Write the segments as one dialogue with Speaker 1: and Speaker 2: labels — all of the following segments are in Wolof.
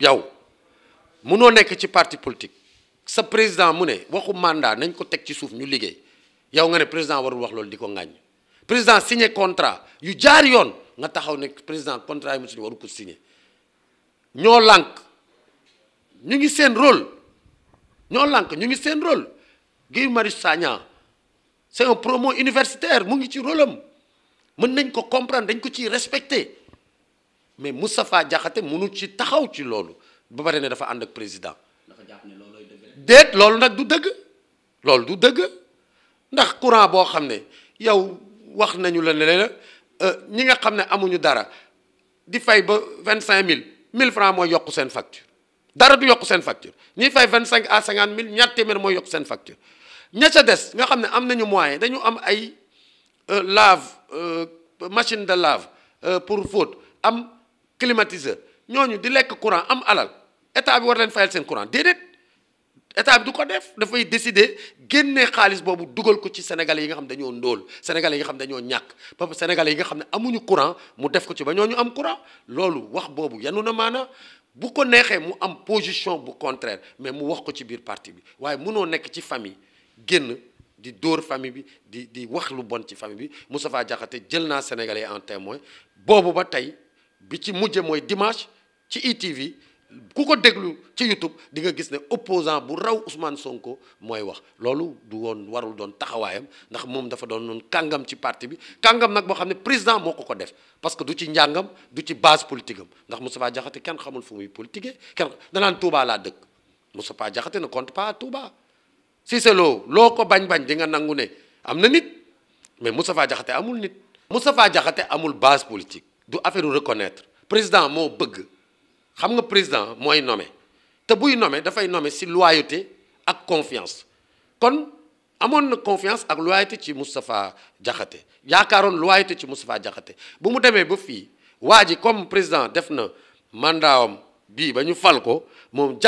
Speaker 1: yow noo nekk ci parti politique sa président mu ne waxu mandat nañ ko teg ci suuf ñu liggéey yow nga ne président warul wax loolu di ko ŋàññ président signé contrat yu jaar yoon nga taxaw nekk président contrat yi mosuñu waru ko signé ñoo lànk ñu ngi seen rôle ñoo lànk ñu ngi seen rôle Guy Marius Sagna c'est un promo universitaire mu ngi ci rôle am mën nañ ko comprendre dañ ko ciy respecté mais Moustapha Diakhaté mënul ci taxaw ci loolu ba pare ne dafa ànd ak président. dafa loolu nag du dëgg loolu du dëgg ndax courant boo xam ne yow wax nañu la ne la euh, ñi nga xam ne amuñu dara di fay ba vingt cinq mille mille francs mooy yokk seen facture. dara du yokk seen facture ñuy fay vingt cinq à cinquante mille ñaar téeméer mooy yokk seen facture ña ca des nga xam ne am nañu moyen dañu am ay euh, lave euh, machine de lave pour fóot am. climatiseur ñooñu di lekk courant am alal état bi war leen fayal seen courant déedéet état bi du ko def dafay décider génne xaalis boobu dugal ko ci sénégalais yi nga xam dañoo ndóol sénégalais yi nga xam dañoo ñàkk ba sénégalais yi nga xam ne amuñu courant mu def ko ci ba ñooñu am courant loolu wax boobu yanu na maana bu ko neexee mu am position bu contraire mais mu wax ko ci biir parti bi waaye mënoo nekk ci famille génn di dóor famille bi di di wax lu bon ci famille bi Moustapha Diakhaté jël naa sénégalais en témoin boobu ba tey bi ci mujje mooy dimanche ci ITV ku ko déglu ci YouTube di nga gis ne opposant bu raw Ousmane Sonko mooy wax loolu du woon warul doon taxawaayam ndax moom dafa doon noonu kàngam ci parti bi kàngam nag boo xam ne président moo ko ko def parce que du ci njàngam du ci base politique am ndax Moustapha Diakhaté kenn xamul fu muy politiqué kenn danaan Touba laa dëkk Moustapha Diakhaté ne compte pas à Touba Cissé loo ko bañ-bañ di nga nangu ne am na nit mais Moustapha amul nit Moustapha Diakhaté amul base politique du affaire reconnaître président mo bëgg xam président moy nommé te buy nommé fay nommé ci loyauté ak confiance kon amone confiance ak loyauté ci Moustapha Diakhaté la loyauté ci Moustapha Diakhaté bu mu ba fi waji comme président defna bañu fal ko mom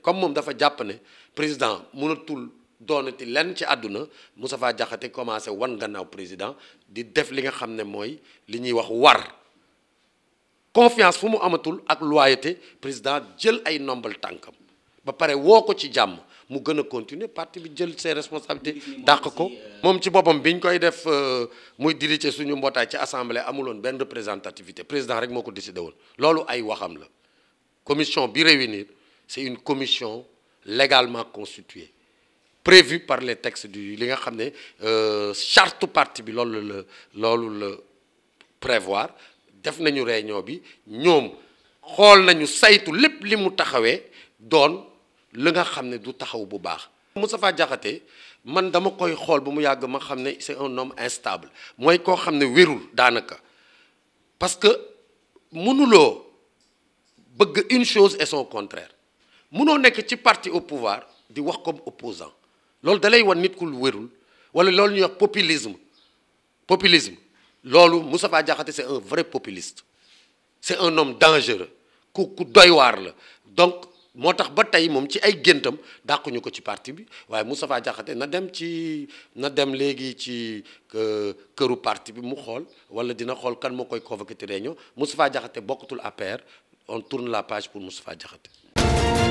Speaker 1: comme mom dafa jappané président mënatul donati ci aduna Moustapha Diakhaté commencé wan gannaaw président di def li nga xamné moy war confiance fumu amatul ak loyauté président jël ay nombal tankam ba paré wo ko ci jamm mu gëna continuer parti bi jël ses responsabilités dàq ko euh, mom ci bopam biñ koy def euh, muy diriger suñu mbootaay ci assemblée amulone ben représentativité président rek moko décider décidé lolu ay waxam la commission bi réunir c'est une commission légalement constituée prévue par les textes du li nga xamné euh charte parti bi lolu la loolu prévoir def nañu réunion bi nous xool nañu saytu lépp li mu doon nga xam du taxaw bu baax. Moustapha man dama koy mu ma c'est un homme instable mooy koo xam ne wérul daanaka parce que une chose et son contraire mënoo nekk ci parti au pouvoir di wax comme opposant loolu dalay wan nit ku wérul populisme populisme lolou Moustapha Diakhaté c'est un vrai populiste c'est un homme dangereux ku ku doy waar la donc motax tax ba tey moom ci ay gentam dàquñu ko ci parti bi waye Moustapha Diakhaté na dem ci na dem léegi ci këru parti bi mu xol wala dina xol kan mo koy convoqué ci réunion Moustapha Diakhaté bokkatul père on tourne la page pour Moustapha Diakhaté